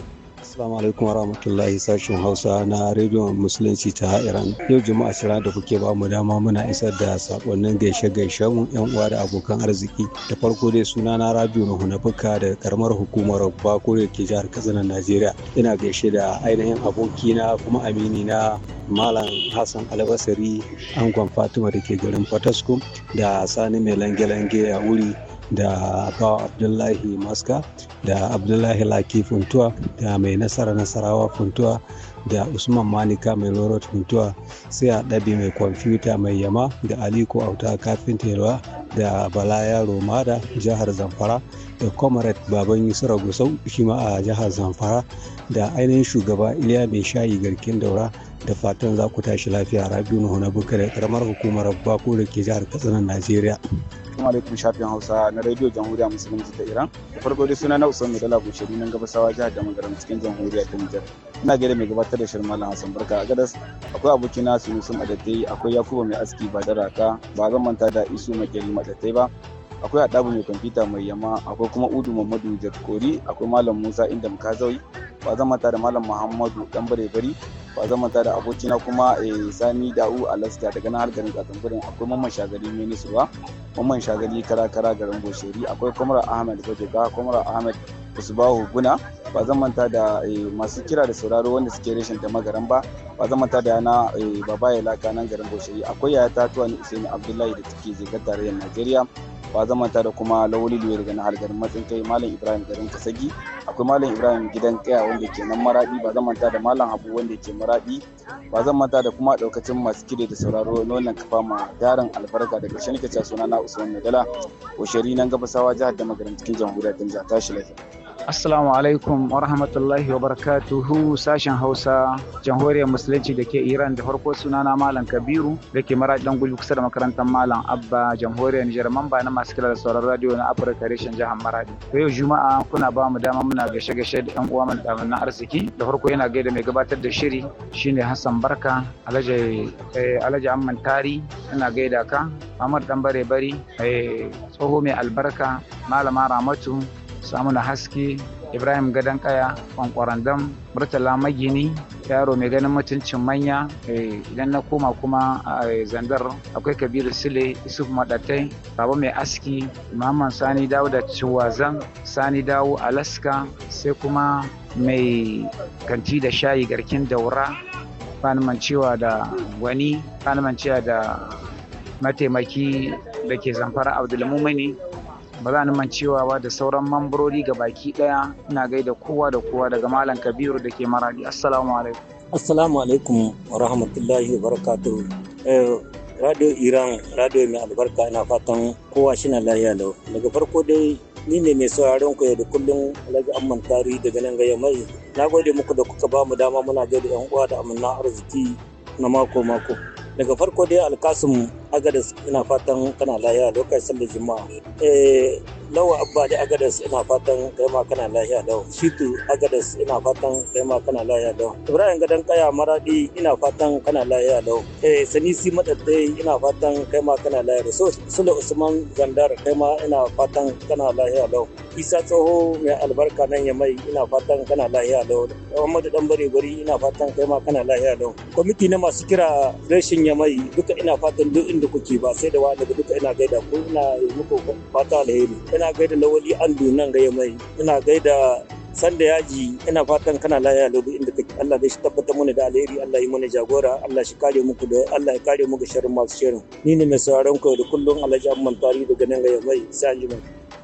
Assalamu
alaikum wa rahmatullahi sashen Hausa na rediyon Musulunci ta Iran. Yau juma'a shira da kuke ba mu dama muna isar da sakonnin gaishe gaishe mu yan uwa da abokan arziki. Da farko dai suna na Rabiu na Hunafuka da karamar hukumar Bako da ke jihar Katsina Najeriya. Ina gaishe da ainihin abokina kuma amini na Malam Hassan Albasari angon Fatima da ke garin Fatasko da Sani mai lange-lange a wuri da bawa abdullahi maska da abdullahi laki funtuwa da mai nasara nasarawa funtuwa da usman manika mai lorot funtuwa sai a ɗabi mai kwamfuta mai yama da aliko auta kafin telwa da bala yaro mada jihar zamfara da comrade baban yusra gusau shi ma a jihar zamfara da ainihin shugaba iliya mai shayi garkin daura da fatan za ku tashi lafiya rabiu nuhu na da karamar hukumar bako da ke jihar katsina najeriya
assalamu alaikum shafin hausa na radio jamhuriya musulunci ta iran da farko dai suna na usan mai dala gushiri nan gabasawa jihar da magana cikin jamhuriya ta nijar ina gaida mai gabatar da shirin malam hassan barka a gadas akwai abokina sunusun adatai akwai yakubu mai aski ba da raka ba zan manta da isu makeri madatai ba akwai adabu mai kwamfuta mai yama akwai kuma udu mamadu jakori akwai malam musa inda muka ba zan manta da malam muhammadu dan bare-bari ba zan manta da abokina kuma eh, sani da'u alaska daga nan har garin katsambirin akwai mamman shagali nisuwa mamman shagali kara-kara garin gosheri akwai kwamra ahmed zaduka kwamra ahmed usbahu guna ba zan manta da eh, masu kira da sauraro wanda suke reshen da magaran ba ba zan manta da yana eh, baba ya nan garin gosheri akwai yaya tatuwa ni usaini abdullahi da take zikar tarayyar najeriya ba zama da kuma lauli luwe daga nahar garin matsin kai malam ibrahim garin kasagi akwai malam ibrahim gidan kaya wanda ke nan maradi ba zama ta da malam habu wanda ke maradi ba zama ta da kuma daukacin masu kire da sauraro nonon kafa ma darin albarka daga shanikaca suna na usman nadala oshari nan gabasawa jihar da magarin cikin jamhuriyar ta tashi lafiya
Assalamu alaikum wa rahmatullahi wa barakatuhu sashen Hausa jamhuriyar musulunci da ke Iran da farko sunana Malam Kabiru da ke mara dan gudu kusa da makarantar Malam Abba jamhuriyar Nijar mamba na masu kira da sauran radio na Afirka reshen jihar Maradi. To yau Juma'a kuna ba mu dama muna gaishe gaishe da yan uwa mu da na arziki da farko yana gaida mai gabatar da shiri shine Hassan Barka Alhaji eh, Alhaji Amman Tari ina gaida ka Ahmad Dambare Bare Bari eh, tsoho mai albarka Malama Ramatu samuna haske ibrahim gadon kaya dam murtala magini yaro mai ganin mutuncin manya eh, idan na koma kuma a zandar akwai kabiru sile isuf madatai baba mai aski muhammad sani dawo da ciwazan sani dawo alaska sai kuma mai kanti da shayi garkin daura fanuman cewa da wani fanuman cewa da mataimaki da ke zamfara abdulmumini ba za ni mancewa ba da sauran mambarori ga baki daya ina gaida kowa da kowa daga malam kabiru da ke
maradi assalamu alaikum assalamu alaikum wa rahmatullahi wa eh, radio iran radio mai albarka ina fatan kowa shi na lahiya lau daga farko dai ni ne mai sauraron ku da kullum alhaji amman tarihi daga nan gaya mai na gode muku da kuka ba mu dama muna gaida yan uwa da amina arziki na mako mako daga farko dai mu. agadas ina fatan kana lahiya lokacin sallar juma'a eh lawa abba da agadas ina fatan kai ma kana lahiya da shitu agadas ina fatan kai ma kana lahiya da ibrahim gadan kaya maradi ina fatan kana lahiya da eh sanisi madaddai ina fatan kai ma kana lahiya so sule usman gandar kai ma ina fatan kana lahiya da isa tsoho mai albarka nan ya mai ina fatan kana lahiya da muhammadu dan bare ina fatan kai ma kana lahiya da kwamiti na masu kira reshin ya mai duka ina fatan duk da kuke ba sai da wani duka ina gaida ku ina muku fata alheri ina gaida lawali an nan gaya mai ina gaida da yaji ina fatan kana lafiya lodu inda kake Allah dai shi tabbatar mana da alheri Allah yi mana jagora Allah shi kare muku da Allah ya kare muku sharrin masu sharrin ni ne mai sauraron ku da kullun Alhaji Amman Tari daga nan ga Yamai sai anjima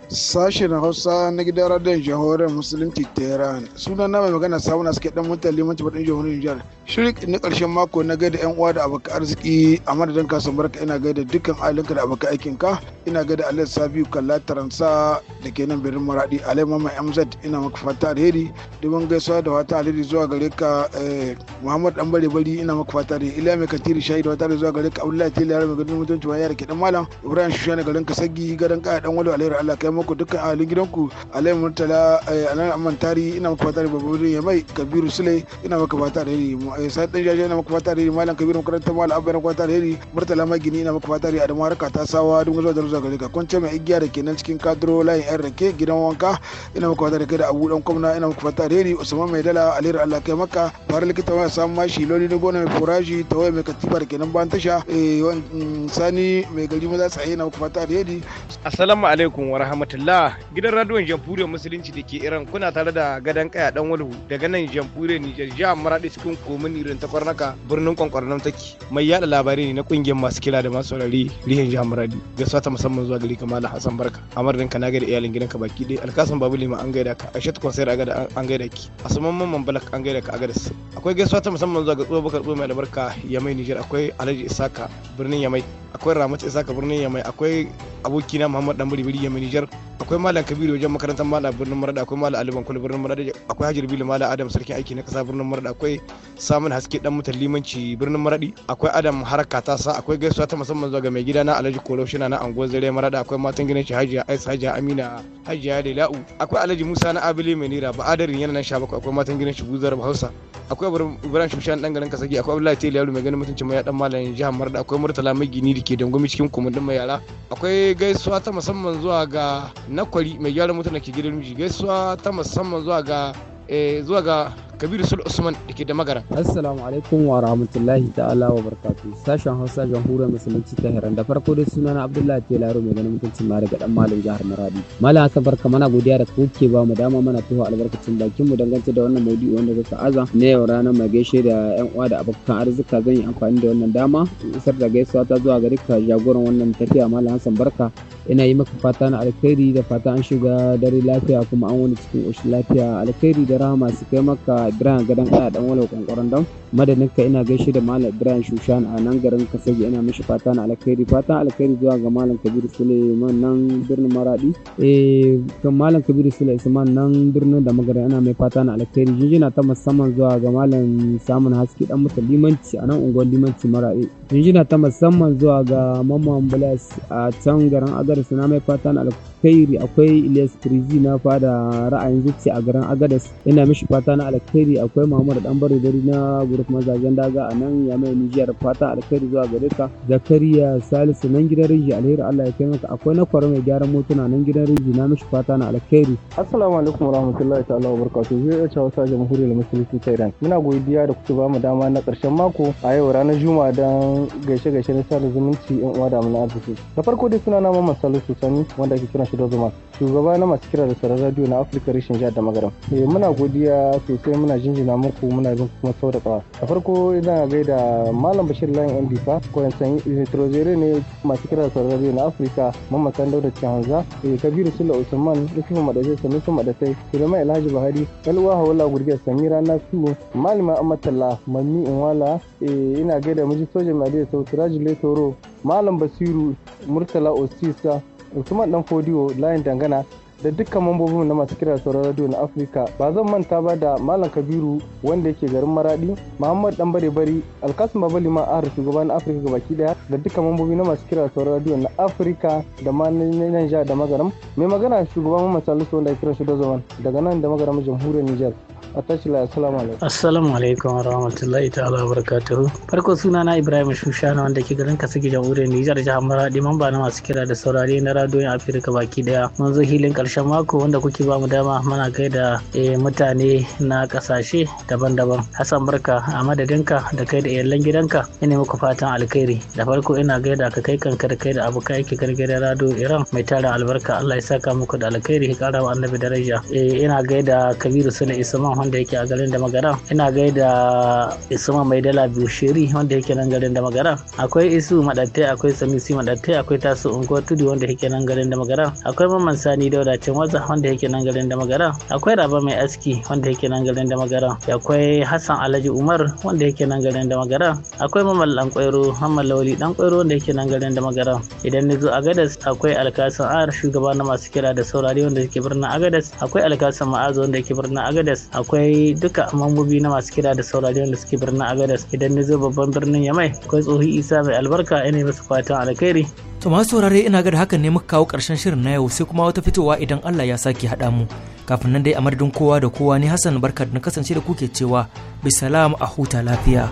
Sashen Hausa na gidan radiyon jihohoren Musulunci Tehran. Suna na mai magana samuna suke dan mutan limanci faɗin jihohoren Nijar. Shirik na ƙarshen mako na gaida 'yan uwa da abokan arziki a madadin kasan barka ina gaida dukkan ahalinka da abokan aikinka. Ina gaida Alhaji Sabiu Kalla Taransa da ke nan birnin Maradi Alhaji Mama MZ ina maka fata alheri. Domin gaisuwa da wata alheri zuwa gare ka eh, Muhammad Dan Bare Bari ina maka fata alheri. Iliya Mai Katiri Shahi da wata alheri zuwa gare ka Abdullahi Tela Yaro Mai gudun mutuncin Wani Yara dan Malam Ibrahim Shushana garin Kasagi garin Kaya Dan Walo Alheri Allah kai muku dukkan ahalin gidanku alayhi murtala eh, anan amman tari ina muku fata da babban ya mai kabiru sule ina muku fata da yari mu ai eh, sai dan jaje ina muku fata da yari malam kabiru makaranta mal abba ina muku fata da yari murtala gini ina muku fata da yari adamu harka ta sawa dun zuwa da zuwa gare ka kun ce mai igiya da kenan cikin kadro layin yan rake gidan wanka ina muku fata da kai da abu dan kwamna ina muku fata da yari usman mai dala alheri allah kai maka bar likita waya samu mashi loli na gona mai furaji ta waya mai katifa kenan ban tasha eh, mm, sani mai gari maza tsaye ina muku fata da yari
assalamu alaikum wa rahmatullahi rahmatullah gidan radiyon jamhuriyar musulunci da ke iran kuna tare da gadon kaya dan walhu daga nan jamhuriyar nijar jihar maradi cikin komin irin ta kwarnaka birnin kwankwarnan take mai yada labarai ne na kungiyar masu kira da masu saurari rihin jihar maradi gaisuwa musamman zuwa gari kamar hassan barka amarin ka naga da iyalin gidanka baki dai alkasan babu lima an gaida ka aishat kwasayar da an gaida ki asuman mamman balak an gaida ka agadas akwai gaisuwa ta musamman zuwa ga tsohon bakar tsohon mai albarka yamai nijar akwai alhaji isaka birnin yamai akwai ramat isaka birnin yamai akwai abokina muhammad dan biribiri yamai nijar akwai malam kabiru wajen makarantar malam birnin marada akwai malam aliban kwal birnin marada akwai hajar bilu malam adam sarkin aiki na kasa birnin marada akwai samun haske dan mutan limanci birnin maradi akwai adam haraka ta sa akwai gaisuwa ta musamman zuwa ga mai gida na alhaji koro shina na anguwar zare marada akwai matan gina shi hajiya Ais hajiya amina hajiya lela'u akwai alhaji musa na abili mai nira ba adarin yana nan sha bakwai akwai matan gina shi buzar hausa akwai ibrahim shushan dan garin kasagi akwai abdullahi tele yalu mai ganin mutunci mai dan malam jihar marada akwai murtala mai gini ke dangwami cikin kumundin mai yara akwai gaisuwa ta musamman zuwa ga na kwari mai gyaran mutane ke gidan miji gaisuwa ta musamman zuwa ga eh, zuwa ga kabiru sul usman da ke da magara
assalamu alaikum wa rahmatullahi ta'ala wa barkatu sashen hausa jamhuriyar musulunci ta hiran da farko dai sunana abdullahi telaro mai ganin mutuncin ma ga dan malam jihar maradi malam haka barka mana godiya da kuke ba mu dama mana tuho albarkacin bakin mu dangance da wannan maudu'i wanda kuka aza na yau ranar mai gaishe da yan uwa da abokan arzika zan yi amfani da wannan dama isar da gaisuwa ta zuwa gari ka jagoran wannan tafiya malam hassan barka ina yi maka fata na alkhairi da fata an shiga dare lafiya kuma an wani cikin ƙoshin lafiya alkhairi da rahama su kai maka ibrahim gadon ana dan walau kwankwaron dam madadin ka ina gaishe da malam ibrahim shushan a nan garin kasabi ina mishi fata na alkhairi fata alkhairi zuwa ga malam kabiru sule nan birnin maradi eh kan malam kabiru sule isman nan birnin da magana ana mai fata na alkhairi jinjina ta musamman zuwa ga malam samun haske dan mutum limanci a nan unguwar limanci maradi jinjina ta musamman zuwa ga mamman bulas a can garin agar Pero me no a lo que alkhairi akwai Ilyas Kirizi na fada ra'ayin zuci a garin Agadas ina mishi fata na alkhairi akwai Muhammad dan dari na group mazajen daga a nan ya mai Nijiyar fata alkhairi zuwa gare ka Zakariya Salisu nan gidan rinji alheri Allah ya kai maka akwai na kwaro mai gyaran motuna nan gidan rinji na mishi
fata na alkhairi Assalamu alaikum warahmatullahi ta'ala wabarakatuh zai ya cewa sa jamhuriyar musulunci ta Iran muna godiya da kuke bamu dama na karshen mako a yau ranar Juma'a dan gaishe-gaishe na sada zumunci yan uwa da amana arziki da farko dai suna na Muhammad Salisu Sani wanda ke kira Bashir Zuma, shugaba na masu kira da tsaron radio na Afirka Rishin Jihar da Magaram. E, muna godiya sosai muna jinjina muku muna bin kuma sau da kawa. Da farko ina gaida Malam Bashir Layin yan ko yansan Nitrozere ne masu kira da tsaron radio na Afirka Mamman Sandau da Cihanza, E, eh, Kabiru Sula Usman, Yusufu Madasai, Sanusi Madasai, Sulaiman Alhaji Buhari, Yalwa Hawala Gurgiyar Samira Nasu, Malima Amatalla, in Inwala, E, ina gaida Miji Sojan Madiya Sau, Siraji Letoro, Malam Basiru, Murtala Osisa, usman dan fodiyo layin dangana da dukkan mambobin na masu kira sauran radio na afirka ba zan manta ba da malam kabiru wanda yake garin maradi muhammad dan bare bari alkasim babali ma ahar shugaba na afirka gabaki daya da dukkan mambobi na masu kira sauran radio na afirka da ma nan da magaram mai magana shugaban mamman wanda ya kira shi da zaman daga nan da magaram jamhuriyar niger a assalamu alaikum
assalamu alaikum wa rahmatullahi ta'ala wa barakatuhu farko suna na ibrahim shushana wanda ke garin kasige jamhuriyar nijar jihar maradi mamba na masu kira da saurare na radiyon afirka baki daya mun zo hilin karshen mako wanda kuke ba mu dama mana kai da eh, mutane na kasashe daban-daban hassan barka a madadinka da kai da iyalan gidanka ina muku fatan alkhairi da farko ina gaida ka kai kanka da kai da abokan ke gargaɗin rado iran mai tara albarka allah ya saka muku da alkhairi ya kara wa annabi daraja eh, ina gaida kabiru Sani isma wanda yake a garin da magara ina gaida isuma mai dala biyu shiri wanda yake nan garin da magara akwai isu madatte akwai samisi madatte akwai tasu unguwar tudu wanda yake nan garin da magara akwai mamman sani dauda waza wanda yake nan garin da magara akwai raba mai aski wanda yake nan garin da magara akwai hassan alhaji umar wanda yake nan garin da magara akwai mamman dan kwairo lawali dan kwairo wanda yake nan garin da magara idan ni zo agadas akwai alkasan ar shugaba na masu kira da saurari wanda yake birnin agadas akwai alkasan ma'azo wanda yake birnin agadas akwai akwai duka mambobi na masu kira da saurari da suke birnin agadas idan na zo babban birnin yamai akwai tsohi isa mai albarka ina masu fatan alkhairi
to masu saurare ina ga da hakan ne muka kawo karshen shirin na yau sai kuma wata fitowa idan Allah ya sake haɗa mu kafin nan dai a madadin kowa da kowa ne Hassan barka da kasance da kuke cewa bisalam a huta lafiya.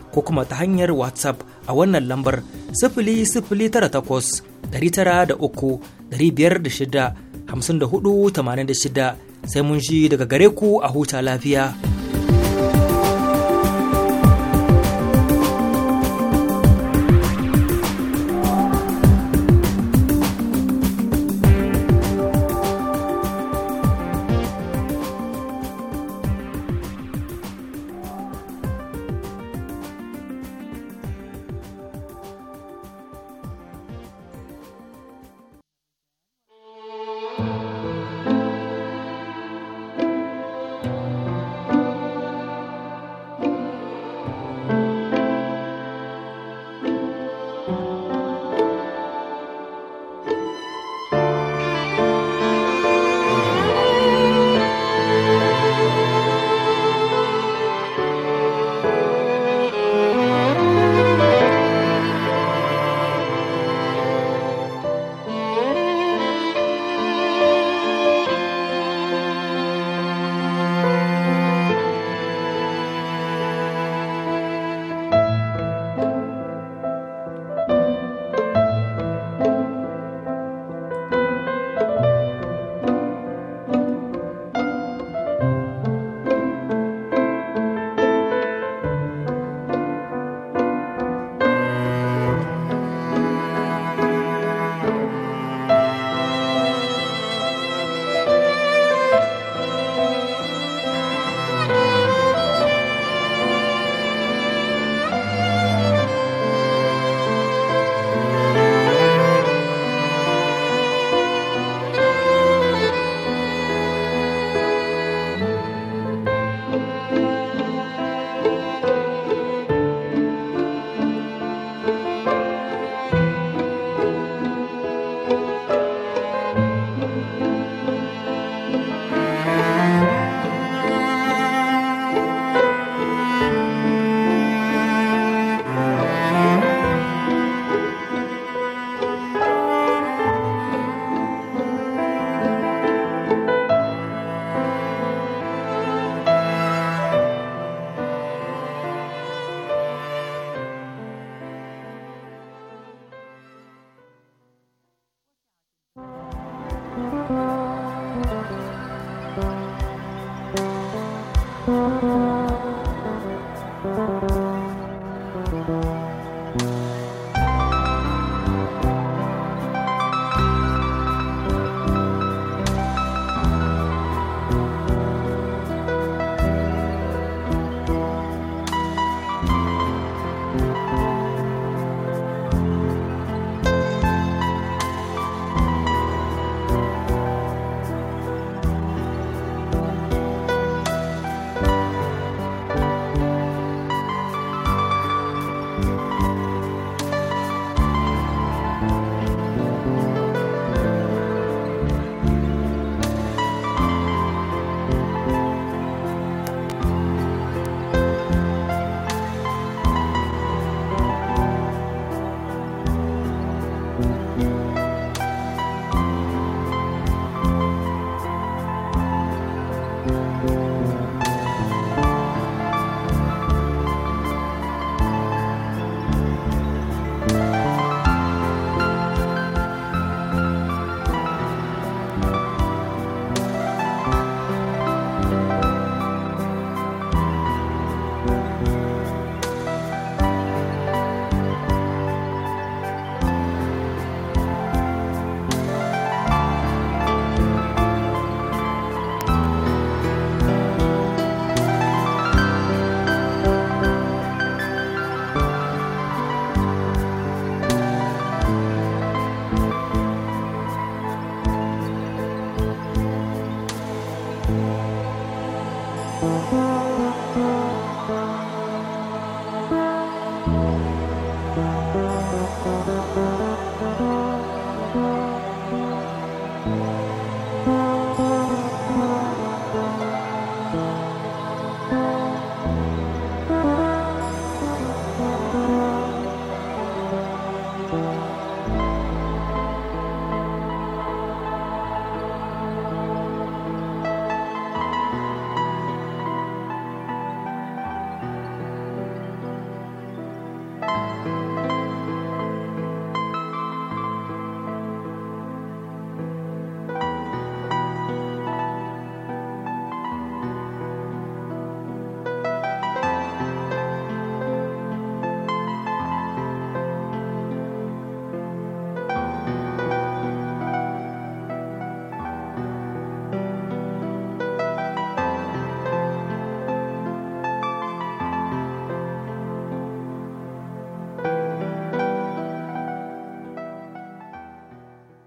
ko kuma ta hanyar WhatsApp a wannan lambar Sifili sifili tara tara da uku, biyar tamanin da shida, sai mun ji daga gare ku a huta lafiya.